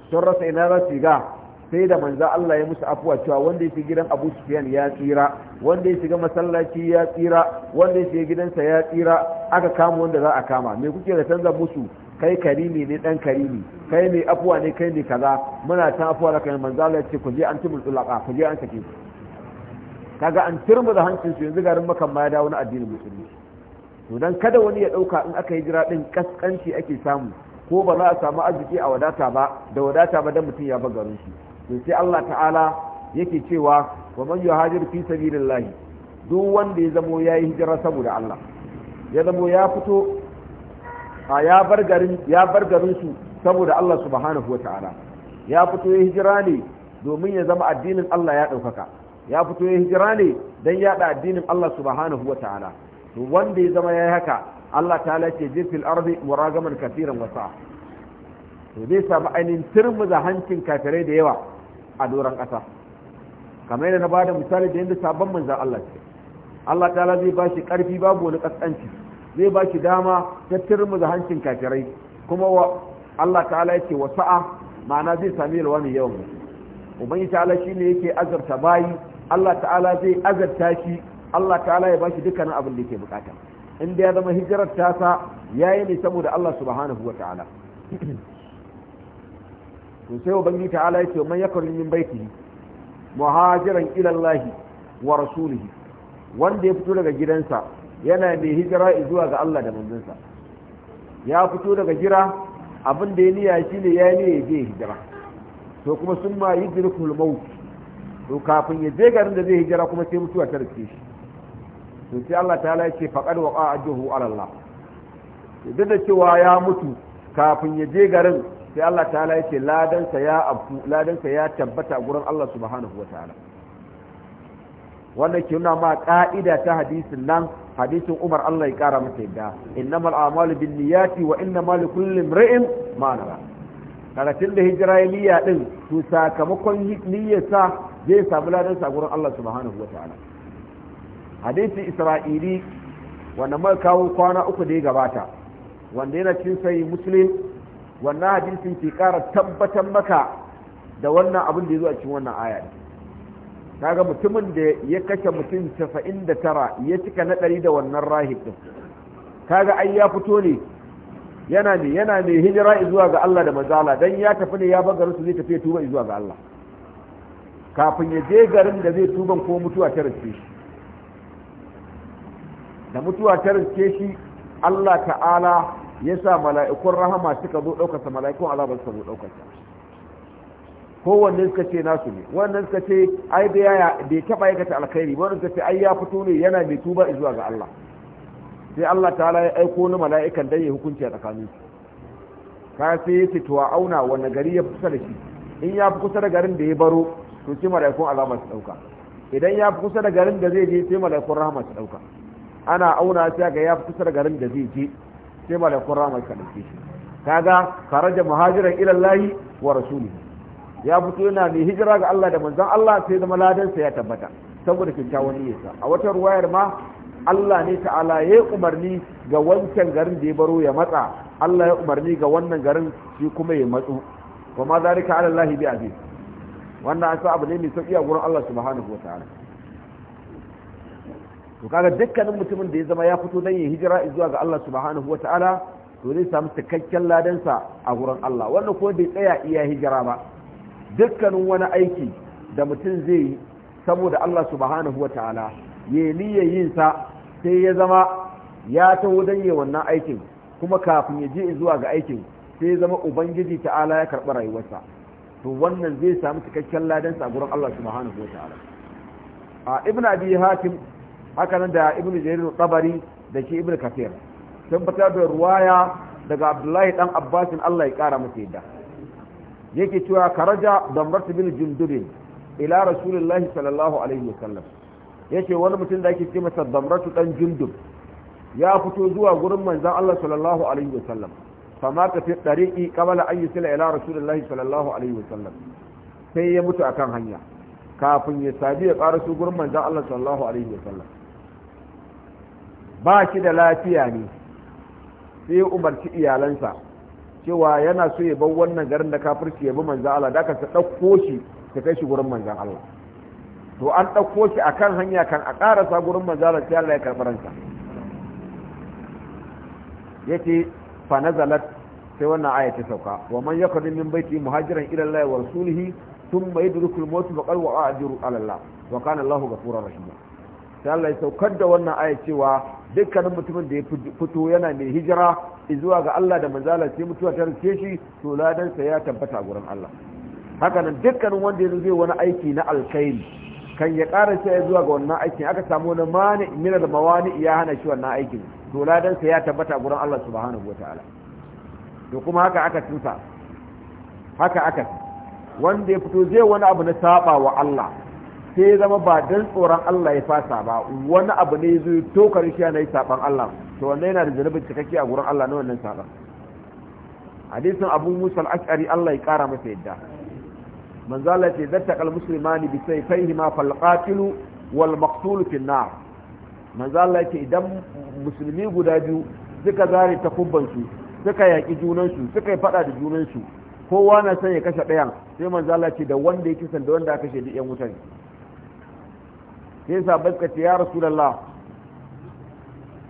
sun rasa ina za su ga sai da manzan Allah ya musu afuwa cewa wanda ya shiga gidan Abu Sufyan ya tsira wanda ya shiga masallaci ya tsira wanda ya shiga gidansa ya tsira aka kama wanda za a kama me kuke da canza musu kai karimi ne dan karimi kai mai afuwa ne kai ne kaza muna ta afuwa da kai manzo Allah ce ku je an tumul tsulaka ku je an sake kaga an turmu da hancin su yanzu garin makan ma ya dawo na addinin musulmi to dan kada wani ya dauka in aka yi jira din kaskanci ake samu ko ba za a samu arziki a wadata ba da wadata ba dan mutum ya ba garin shi to sai Allah ta'ala yake cewa wa man yuhajir fi sabilillah duk wanda ya zamo yayi hijira saboda Allah ya zamo ya fito a ya bar garin ya bar garin su saboda Allah subhanahu wata'ala ya fito ya hijira ne domin ya zama addinin Allah ya ɗaukaka ya fito ya hijira ne don yaɗa addinin Allah subhanahu wata'ala to wanda ya zama ya yi haka Allah ta lace jirfil arzi muragaman kafiran wasa to zai samu ainihin turmuza hancin kafirai da yawa a doron ƙasa kamar yadda na bada misali da yadda sabon manzan Allah ce Allah ta zai ba shi ƙarfi babu wani ƙasƙanci zai ba shi dama ta turmuza hancin kafirai kuma wa Allah ta'ala yake wa sa'a ma'ana zai sami yalwa mai yawan ubangi ta'ala ne yake azarta bayi Allah ta'ala zai azarta shi Allah ta'ala ya bashi dukkanin abin da yake bukata inda ya zama hijirar tasa yayi ne saboda Allah subhanahu wa ta'ala to sai ubangi ta'ala yake man yakun min baitihi muhajiran ila Allah wa rasulihi wanda ya fito daga gidansa yana mai hijira zuwa ga Allah da manzansa ya fito daga jira abin da ya niya shi ne ya ne ya je hijira to kuma sun ma yi jirkul maut to kafin ya je garin da zai hijira kuma sai mutuwa ta rike shi to sai Allah ta ya ce faqad waqa ajruhu ala Allah duk da cewa ya mutu kafin ya je garin sai Allah ta ya ce ladansa ya abu ladansa ya tabbata a gurin Allah subhanahu wataala wannan ke nuna ma ka'ida ta hadisin nan hadisin Umar Allah ya kara masa yadda innamal a'malu niyyati wa innamal likulli imrin ma nawa kaga da hijira ya din to sakamakon niyyarsa zai samu ladan sa gurin Allah subhanahu wataala hadisin Isra'ili wanda mai kawo kwana uku da ya gabata wanda yana cin sai muslim wannan hadisin ke kara tabbatar maka da wannan abin da ya zo a cikin wannan aya kaga mutumin da ya kashe mutum 99 ya cika na 100 da wannan rahib din kaga ai ya fito ne yana ne yana ne hijira zuwa ga Allah da mazala dan ya tafi ne ya bar su zai tafi tuba zuwa ga Allah kafin ya je garin da zai tuban ko mutuwa ta rike shi da mutuwa ta rike shi Allah ta'ala ya sa mala'ikun rahama suka zo ɗaukarsa mala'ikun azaba suka zo ɗaukarsa kowanne suka ce nasu ne wannan suka ce ai da yaya bai taɓa aikata alkhairi wannan suka ce ai ya fito ne yana mai tuba zuwa ga Allah sai Allah ta'ala ya aiko ni mala'ikan dan ya hukunci a tsakanin su ka sai ya ce to auna wannan gari ya kusa da shi in ya fi kusa da garin da ya baro to sai mala'ikun alama su dauka idan ya fi kusa da garin da zai je sai mala'ikun rahama su dauka ana auna sai ga ya fi kusa da garin da zai je sai mala'ikun rahama su dauke shi kaga kharaja muhajiran ila Allah wa rasulihi ya fito yana mai hijira ga Allah da manzon Allah sai zama ladansa ya tabbata saboda kyakkyawan niyyarsa a wata ruwayar ma Allah ne ta'ala ya umarni ga wancan garin da ya baro ya matsa Allah ya umarni ga wannan garin shi kuma ya matsu wa ma zalika ala Allah bi aziz wannan an abu ne mai sauki a gurin Allah subhanahu wa ta'ala to kaga dukkanin mutumin da ya zama ya fito dan ya hijira zuwa ga Allah subhanahu wa ta'ala to zai samu cikakken ladansa a gurin Allah wannan ko bai tsaya iya hijira ba dukkanin wani aiki da mutum zai yi saboda Allah subhanahu wa ta'ala ya niyya yin sa sai ya zama ya taho don yi wannan aikin kuma kafin ya je zuwa ga aikin sai ya zama ubangiji ta'ala ya karɓi rayuwarsa to wannan zai samu cikakken ladan sa gurin Allah subhanahu wa ta'ala a ibn abi hatim haka nan da ibn jarir tabari da shi ibn kafir sun fitar da ruwaya daga abdullahi dan abbasin Allah ya kara masa yadda yake cewa karaja dambarta bin jundubin ila rasulullahi sallallahu alaihi wasallam Yake wani mutum da ake ce masa damratu dan jundub ya fito zuwa gurin manzon Allah sallallahu alaihi wasallam ma ta fi dariqi qabla an yusila ila rasulullahi sallallahu alaihi wasallam sai ya mutu akan hanya kafin ya sabi ya su gurin manzon Allah sallallahu alaihi wasallam ba shi da lafiya ne sai ya umarci iyalansa cewa yana so ya bar wannan garin da kafirci ya bi manzan Allah da aka ta ɗauko shi ta kai shi gurin manzan Allah to an ɗauko shi a kan hanya kan a ƙarasa gurin manzan Allah sai Allah ya karɓi ransa ya ce fa nazalat sai wannan aya ta sauka wa man yakun min baiti muhajiran ila Allah wa rasulihi thumma yudrikul maut fa qad wa'a ajru ala Allah wa kana Allahu ghafurur rahim sai Allah ya saukar da wannan aya cewa dukkanin mutumin da ya fito yana mai hijira zuwa ga Allah da manzala sai mutuwa ta rike shi to ladansa ya tabbata gurin Allah haka nan dukkanin wanda ya zai wani aiki na alkhairi kan ya ƙara sai zuwa ga wannan aikin aka samu wani mani minar mawani ya hana shi wannan aikin to ladansa ya tabbata gurin Allah subhanahu wataala to kuma haka aka tusa haka aka wanda ya fito zai wani abu na saba wa Allah sai zama ba dan tsoron Allah ya fasa ba wani abu ne ya zo ya tokar shi yana yi saban Allah to wannan yana da zanubin cikakke a gurin Allah na wannan saɓan. hadisin abu musa al'ashari Allah ya kara masa yadda manzo Allah ce zatta al muslimani bi sayfaihi ma fal qatil wal maqtul fi nar ce idan musulmi guda biyu suka zare takubban su suka yaki junansu suka yi fada da junansu kowa na son ya kashe ɗayan sai manzo ce da wanda ya kisan da wanda aka kashe yan wutan. sai sa suka ce ya rasulullah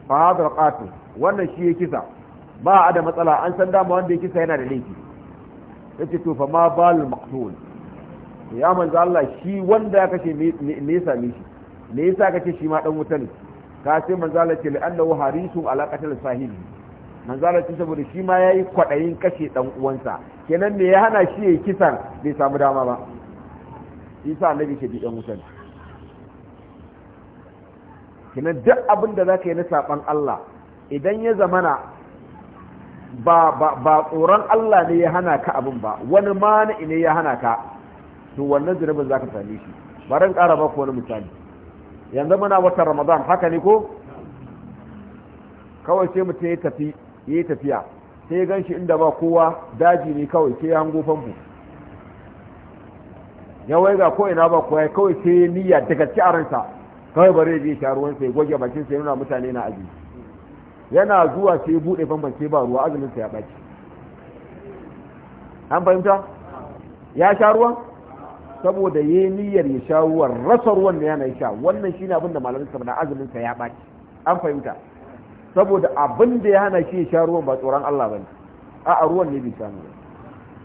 fa hadal qatil wannan shi ya kisa ba a da matsala an san dama wanda ya kisa yana da laifi yace to fa ma balul maqtul ya manzo Allah shi wanda ya kashe me ya same shi me yasa kace shi ma dan wuta ne ka sai manzo Allah ce la'annahu harisun ala qatl sahibi manzo Allah ce saboda shi ma yayi kwadayin kashe dan uwansa kenan me ya hana shi ya kisan bai samu dama ba isa annabi ke bi dan wuta ne kinan duk abin da zaka yi na saban Allah idan ya zamana ba ba tsoron Allah ne ya hana ka abin ba wani mani ne ya hana ka to wannan zunubin za ka same shi barin ƙara ba ku wani misali yanzu muna watan ramadan haka ne ko kawai sai mutum ya tafi ya tafiya sai gan shi inda ba kowa daji ne kawai sai ya hango famfo yawai ga ko ina ba kowa kawai sai niyya daga ci a ransa kawai bare je sha ruwan sai goge bakin sai nuna mutane na azumi yana zuwa sai bude famfan ba ruwa azumin sa ya baci an fahimta ya sha ruwan saboda yayi niyyar ya sha ruwan rasa ruwan da yana sha wannan shine abin da malamin sa azumin sa ya baci an fahimta saboda abin da ya hana shi ya sha ruwan ba tsoron Allah bane a'a ruwan ne bai samu ba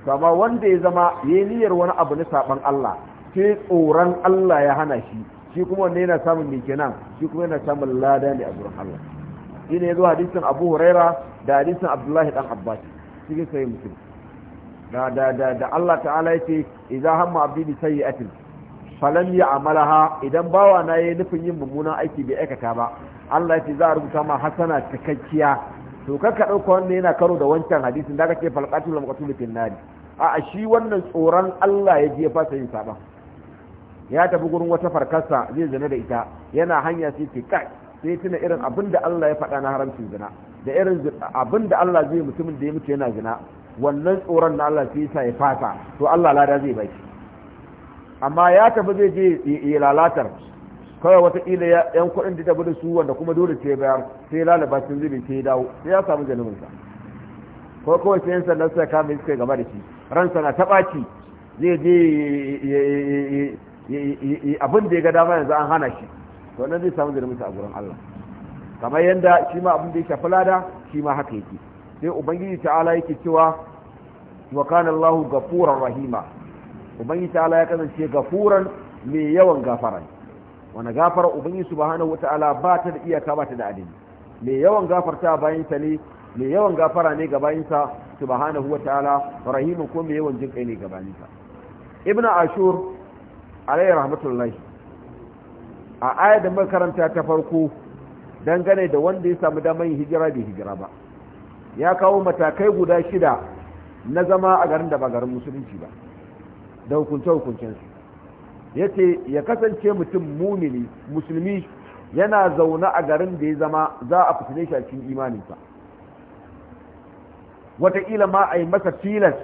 kama wanda ya zama ya yi niyyar wani abu na saban Allah sai tsoron Allah ya hana shi shi kuma wanne yana samun mai kenan shi kuma yana samun lada ne a gurin Allah shi ne zuwa hadisin Abu Huraira da hadisin Abdullahi dan Abbas cikin sayi mutum da da da da Allah ta'ala yace idza hamma abdi bi sayyi'atin falam ya'malaha idan bawa na yayi nufin yin mummunan aiki bai aikata ba Allah ya ce za a rubuta ma hasana cikakkiya to ka dauka wannan yana karo da wancan hadisin da kake falqatul maqtul fil nari a shi wannan tsoron Allah ya fasa yin saban ya tafi gurin wata farkarsa zai zina da ita yana hanya sai ce kai sai tuna irin abin da Allah ya faɗa na haramcin zina da irin abin da Allah zai mutumin da ya mutu yana zina wannan tsoron na Allah sai ya fata to Allah lada zai baki amma ya tafi zai je ya lalatar kawai wataƙila yan kuɗin da tafi da su wanda kuma dole sai bayar sai lalaba sun zubi sai ya dawo sai ya samu janubinsa ko kawai sai yan sandan suka kama suka gaba da shi ransa na taɓaci zai je abin da ya ga dama yanzu an hana shi to nan zai samu zunubinsa a gurin Allah kamar yadda shi ma abin da ya shafi lada shi ma haka yake sai ubangiji ta'ala yake cewa wa kana Allahu gafuran rahima ubangiji ta'ala ya kasance gafuran mai yawan gafara wani gafara ubangiji subhanahu wata'ala ba ta da iya ba ta da adini mai yawan gafarta bayan ta ne mai yawan gafara ne ga bayan sa subhanahu wata'ala rahimu ko mai yawan jin kai ne ga bayan sa ibnu ashur alayhi rahmatullahi a ayar da makaranta ta farko dangane da wanda ya samu damar yin hijira bai hijira ba ya kawo matakai guda shida na zama a garin da ba garin musulunci ba da hukunce-hukuncensu ya ce ya kasance mutum mumini musulmi yana zaune a garin da ya zama za a fitile shi a cikin imaninsa wataƙila ma a yi masa tilas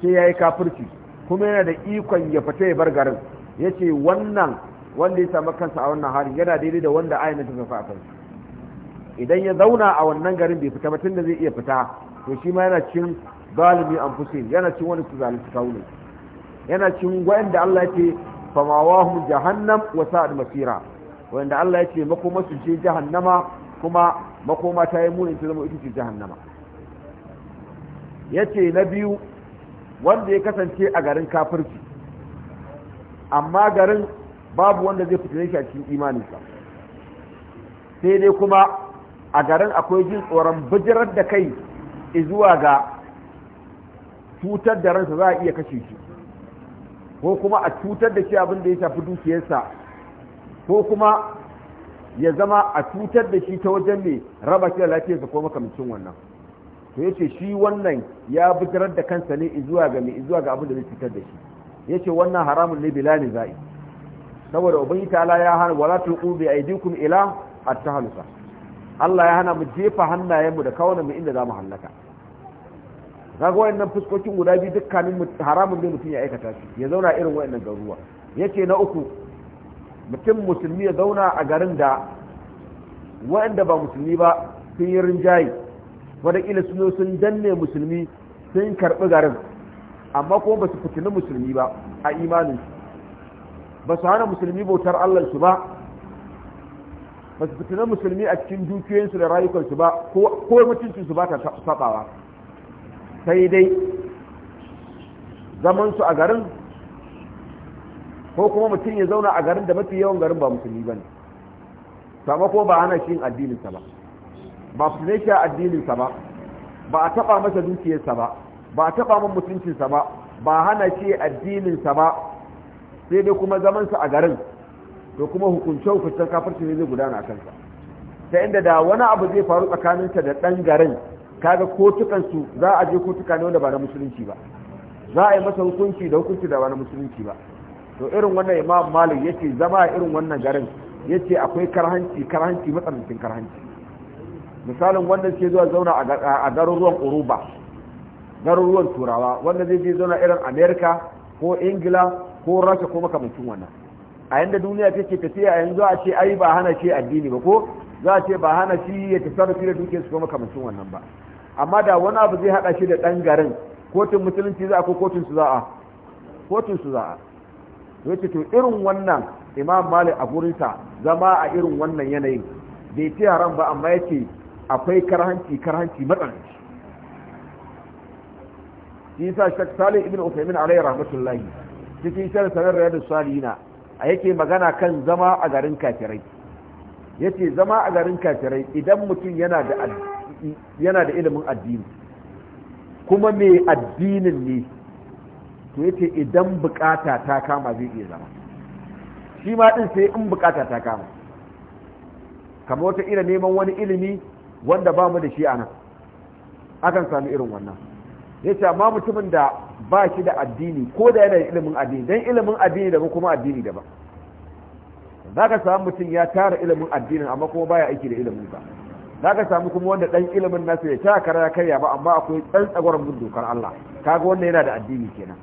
sai ya yi kafirci kuma yana da ikon ya fita ya bar garin ya wannan wanda ya sami kansa a wannan hali yana daidai da wanda ayyana ta zafi a kansa idan ya zauna a wannan garin bai fita mutum da zai iya fita to shi ma yana cin zalimi an fusin yana cin wani su zalunci yana cin da Allah ya ce famawahum jahannam wa sa'ad masira wa'anda Allah ya ce makoma su je jahannama kuma makoma ta yi muni ta zama ita ce jahannama yace na biyu wanda ya kasance a garin kafirci amma garin babu wanda zai fitine shi a cikin sa sai dai kuma a garin akwai jin tsoron bijirar da kai zuwa ga cutar da ransa za a iya kashe shi ko kuma a cutar da shi abin da ya shafi dukiyarsa ko kuma ya zama a cutar da shi ta wajen mai raba shi da lafiyarsa ko makamcin wannan to yace shi wannan ya bijirar da kansa ne zuwa ga mai zuwa ga abin da zai cutar da shi yace wannan haramun ne bila za'i saboda ubangi ta'ala ya hana wala tulqu bi aidikum ila at tahalusa Allah ya hana mu jefa hannayen mu da kawunan mu inda zamu halaka zago wayannan fuskokin guda biyu dukkanin mu haramun ne mutum ya aikata shi ya zauna irin wayannan garuwa yace na uku mutum musulmi ya zauna a garin da wayanda ba musulmi ba sun yi rinjaye wadakila sun sun danne musulmi sun karbi garin amma kuma ba su fitini musulmi ba a imaninsu ba su hana musulmi bautar allahnsu ba ba su fitini musulmi a cikin dukiyoyinsu da rayukansu ba ko mutuncinsu ba ta sakawa sai dai zamansu a garin ko kuma mutum ya zauna a garin da mafi yawan garin ba musulmi ba ne sama ko ba ana shi addininsa ba ba su ne shi addininsa ba ba a taɓa masa dukiyarsa ba ba a taɓa min mutuncinsa ba ba hana ce addininsa ba sai dai kuma zamansa a garin to kuma hukunce hukuncen kafirci ne zai gudana a kansa ta inda da wani abu zai faru tsakaninsa da ɗan garin kaga kotukansu za a je kotuka ne wanda ba na musulunci ba za a yi masa hukunci da hukunci da ba na musulunci ba to irin wannan imam malik yace zama irin wannan garin yace akwai karhanci karhanci matsanancin karhanci misalin wanda ke zuwa zauna a garuruwan uruba garuruwan turawa wanda zai je zauna irin Amerika ko ingila ko rasha ko makamancin wannan a yanda duniya take tafiya a yanzu a ce ai ba hana shi addini ba ko za a ce ba hana shi ya sarrafi da dukiyar su ko makamancin wannan ba amma da wani abu zai haɗa shi da ɗan garin kotun musulunci za a ko kotun su za a kotun su za a to yace to irin wannan imam malik a gurinsa zama a irin wannan yanayin bai ce haram ba amma yace akwai karhanci karhanci matsananci shi yasa shak salih ibn usaimin alayhi rahmatullahi cikin shirin sanar da yadda salihina a yake magana kan zama a garin kafirai yace zama a garin kafirai idan mutum yana da yana da ilimin addini kuma mai addinin ne to yace idan bukata ta kama zai iya zama shi ma din sai in bukata ta kama kamar wata ila neman wani ilimi wanda ba mu da shi a nan akan sami irin wannan ce amma mutumin da ba shi da addini ko da yana ilimin addini don ilimin addini daban kuma addini daban ka samu mutum ya tara ilimin addini amma kuma baya aiki da ilimin ba ka samu kuma wanda dan ilimin nasa ya ta karya karya ba amma akwai dan tsagwaron bin dokar Allah kaga wanda yana da addini kenan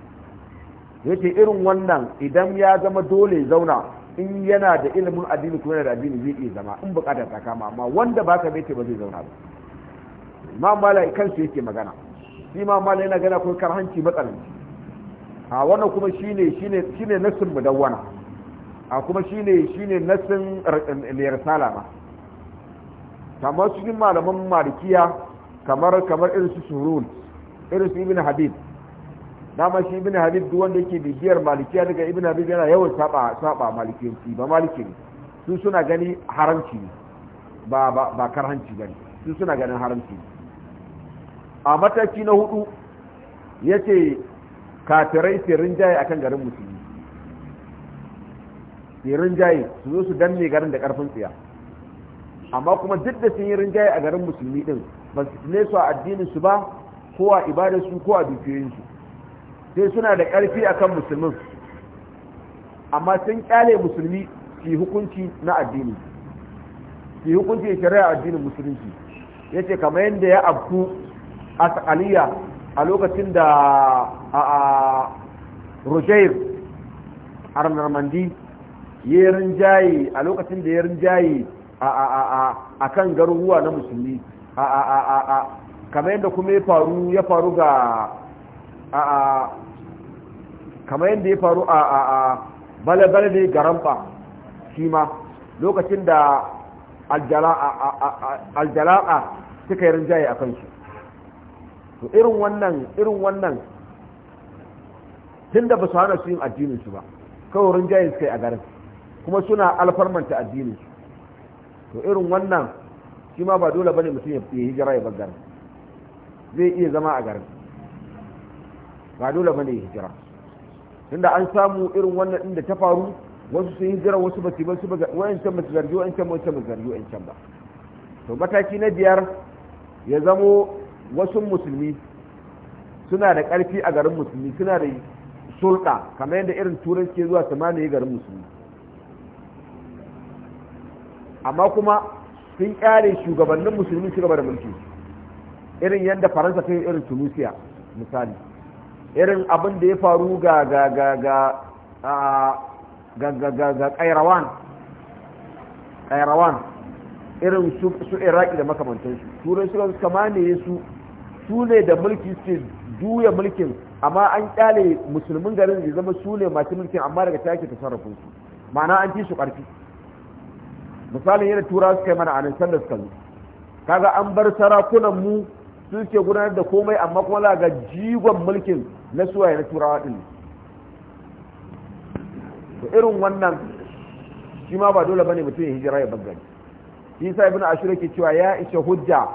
yace irin wannan idan ya zama dole zauna in yana da ilimin addini kuma yana da addini zai iya zama in bukatar ta kama amma wanda baka bai ce ba zai zauna ba imam malai kansu yake magana shi ma mala yana gana akwai karhanci matsalanci a wannan kuma shine shi ne nasin mudawwana a kuma shine ne nasin liyar salama kamar su yin malaman malikiya kamar kamar irin su surul irin su ibn habib dama shi ibn habib duk wanda yake bibiyar malikiya daga ibn habib yana yawan saba saba malikiyanci ba maliki ne su suna gani haramci ne ba ba ba karhanci gani su suna ganin haramci ne a mataki na hudu ya ce kafirai sirin jaye kan garin musulmi sirin jaye su zo su danne garin da karfin tsiya amma kuma duk da sun yi rinjaye a garin musulmi din ba su ne su a addinin su ba ko a ibadar su ko a dukiyoyin su sai suna da karfi akan musulmin amma sun kyale musulmi su hukunci na addini su hukunci shari'a addinin musulunci yace kamar yadda ya abku as'aliya a lokacin da a rojair armarmandi ya rinjaye a lokacin da ya rinjaye a kan garuruwa na musulmi a a a a kamar yadda kuma ya faru ya faru ga a a kamar yadda ya faru a a a balabala ne garamfa shi ma lokacin da aljala'a suka yi rinjaye a kansu to irin wannan irin wannan tunda ba su hana su yin addinin su ba kawai rinjayen su kai a garin kuma suna alfarmanta addinin su to irin wannan shi ma ba dole bane mutum ya hijira ya bar garin zai iya zama a garin ba dole bane ya hijira tunda an samu irin wannan inda ta faru wasu sun hijira wasu ba su ba su ba wa'ancan ba su zargi wa'ancan ba su zargi wa'ancan ba to mataki na biyar ya zamo wasu musulmi suna da ƙarfi a garin musulmi suna da sulka kamar yadda irin turai ke zuwa su mamaye garin musulmi amma kuma sun kyale shugabannin musulmi su gaba da mulki irin yadda faransa ta yi irin tunisia misali irin abin da ya faru ga ga ga ga ga ga ga ga kairawan kairawan irin su iraki da makamantansu turai su kama ne su su ne da mulki su juya mulkin amma an kyale musulmin garin da zama su ne masu mulkin amma daga ta yake tasarrafin su ma'ana an ci su ƙarfi misalin yana tura su kai mana a nan da kaga an bar sarakunan mu su ke gudanar da komai amma kuma za ga jigon mulkin na suwaye na turawa din to irin wannan shi ma ba dole bane mutum ya hijira ya bangare isa ibn ashur ke cewa ya isha hujja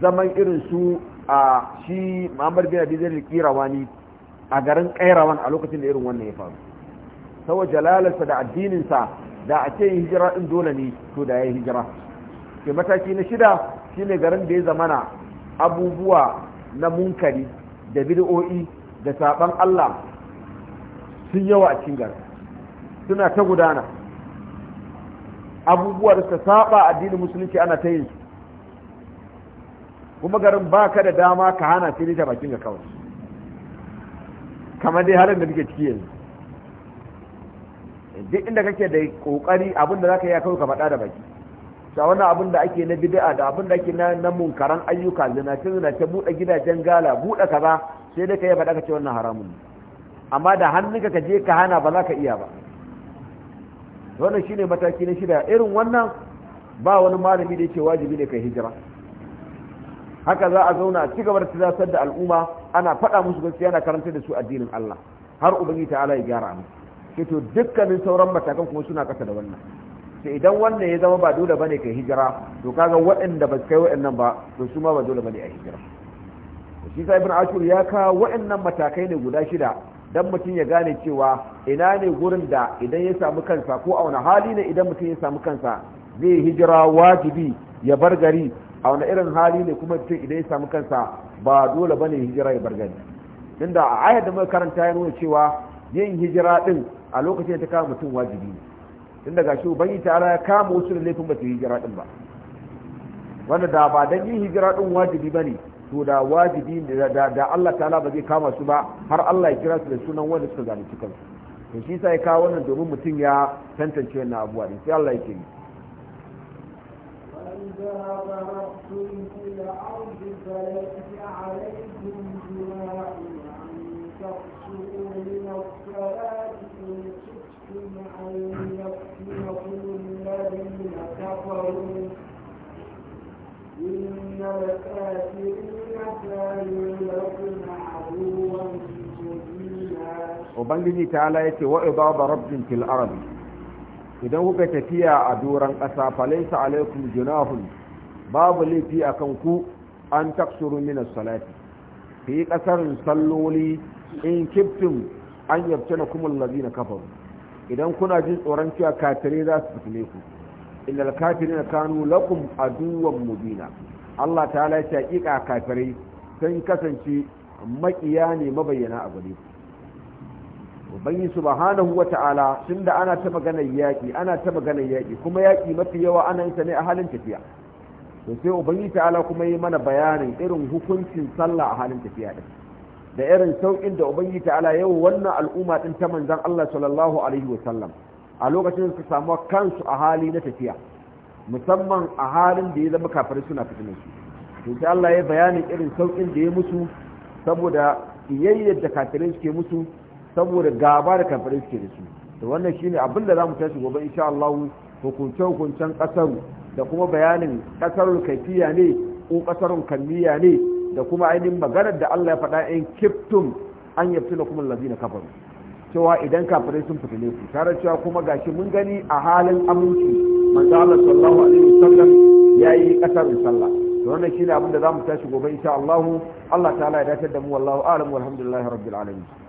zaman irin su a shi Muhammad bin Abi Zaid ni a garin kairawan a lokacin da irin wannan ya faru saboda jalalarsa da addininsa, da a ce hijira ɗin dole ne to da yi hijira ke mataki na shida shi ne garin da ya zamana abubuwa na munkari da bid'o'i da saban Allah sun yawa a cikin garin suna ta gudana abubuwa da suka saba addinin musulunci ana ta yin su kuma garin baka da dama ka hana fili ta bakin ga kawai kamar dai halin da muke ciki yanzu duk inda kake da kokari abin da zaka yi kawai ka faɗa da baki ta wannan abin da ake na bid'a da abin da ake na na munkaran ayyuka zina zina ta buɗe gidajen gala buɗe kaza sai dai ka yi faɗa ka ce wannan haramun amma da hannunka ka je ka hana ba za ka iya ba wannan shine mataki na shida irin wannan ba wani malami da yake wajibi ne kai hijira haka za a zauna a cigaba da tunasar da al'umma ana faɗa musu gaskiya ana karanta da su addinin Allah har ubangi ta'ala ya gyara mu sai to dukkanin sauran matakan kuma suna kasa da wannan sai idan wannan ya zama ba dole bane kai hijira to kaga waɗanda ba kai waɗannan ba to su ma ba dole bane a hijira shi sai ibn ashur ya ka waɗannan matakai ne guda shida dan mutum ya gane cewa ina ne gurin da idan ya samu kansa ko a wani hali ne idan mutum ya samu kansa zai hijira wajibi ya bar gari a wani irin hali ne kuma mutum idan ya samu kansa ba dole bane hijira ya bargani inda a ayar da muka karanta ya nuna cewa yin hijira din a lokacin da ta kama mutum wajibi ne inda ga shi ubangi ta ya kama wasu da laifin ba hijira din ba wanda da ba dan yin hijira din wajibi bane to da wajibi da Allah ta'ala ba zai kama su ba har Allah ya kira su da sunan wanda suka zalunci kansu to shi ya kawo wannan domin mutum ya tantance wannan abuwa din sai Allah ke ni. إذا ضربتم في الأرض فليس عليكم جناح أن تقصروا من الصلاة إن خفتم أن يفتنكم الذين كفروا إن الكافرين كانوا لكم عدوا مبينا. Ubangiji ta ala ya ce في الأرض idan kuka tafiya a doron ƙasa falaisa alaikum junahun babu laifi a kan ku an taksuru mina salati ku yi ƙasar salloli in kiftin an yabce na kuma lalazi na kafaru idan kuna jin tsoron cewa katire za su fitile ku illal na kanu lakum duwan mubina Allah ta ya ce hakika kafirai sun kasance makiya ne mabayyana a gare ku ubangi subhanahu wata'ala tunda ana ta maganar yaki ana ta maganar yaki kuma yaki mafi yawa ana yin ne a halin tafiya to sai ubangi ta'ala kuma yi mana bayanin irin hukuncin sallah a halin tafiya din da irin saukin da ubangi ta'ala yau wannan al'umma din ta manzon Allah sallallahu alaihi wa sallam a lokacin su samu kansu a hali na tafiya musamman a halin da ya zama kafirai suna fitina su to sai Allah ya bayanin irin saukin da ya musu saboda kiyayyar da kafirai suke musu saboda gaba da kafirai suke da su to wannan shine abin da zamu tashi gobe insha Allah hukunce hukuncen kasar da kuma bayanin kasar kaifiya ne ko kasar kammiya ne da kuma ainihin maganar da Allah ya faɗa in kiftum an yabtuna kuma na kafaru cewa idan kafirai sun fitile ne tare cewa kuma gashi mun gani a halin aminci manzo Allah sallallahu alaihi wasallam yayi kasar sallah to wannan shine abin da zamu tashi gobe insha Allah Allah ta'ala ya dace da mu wallahu a'lam walhamdulillahi rabbil alamin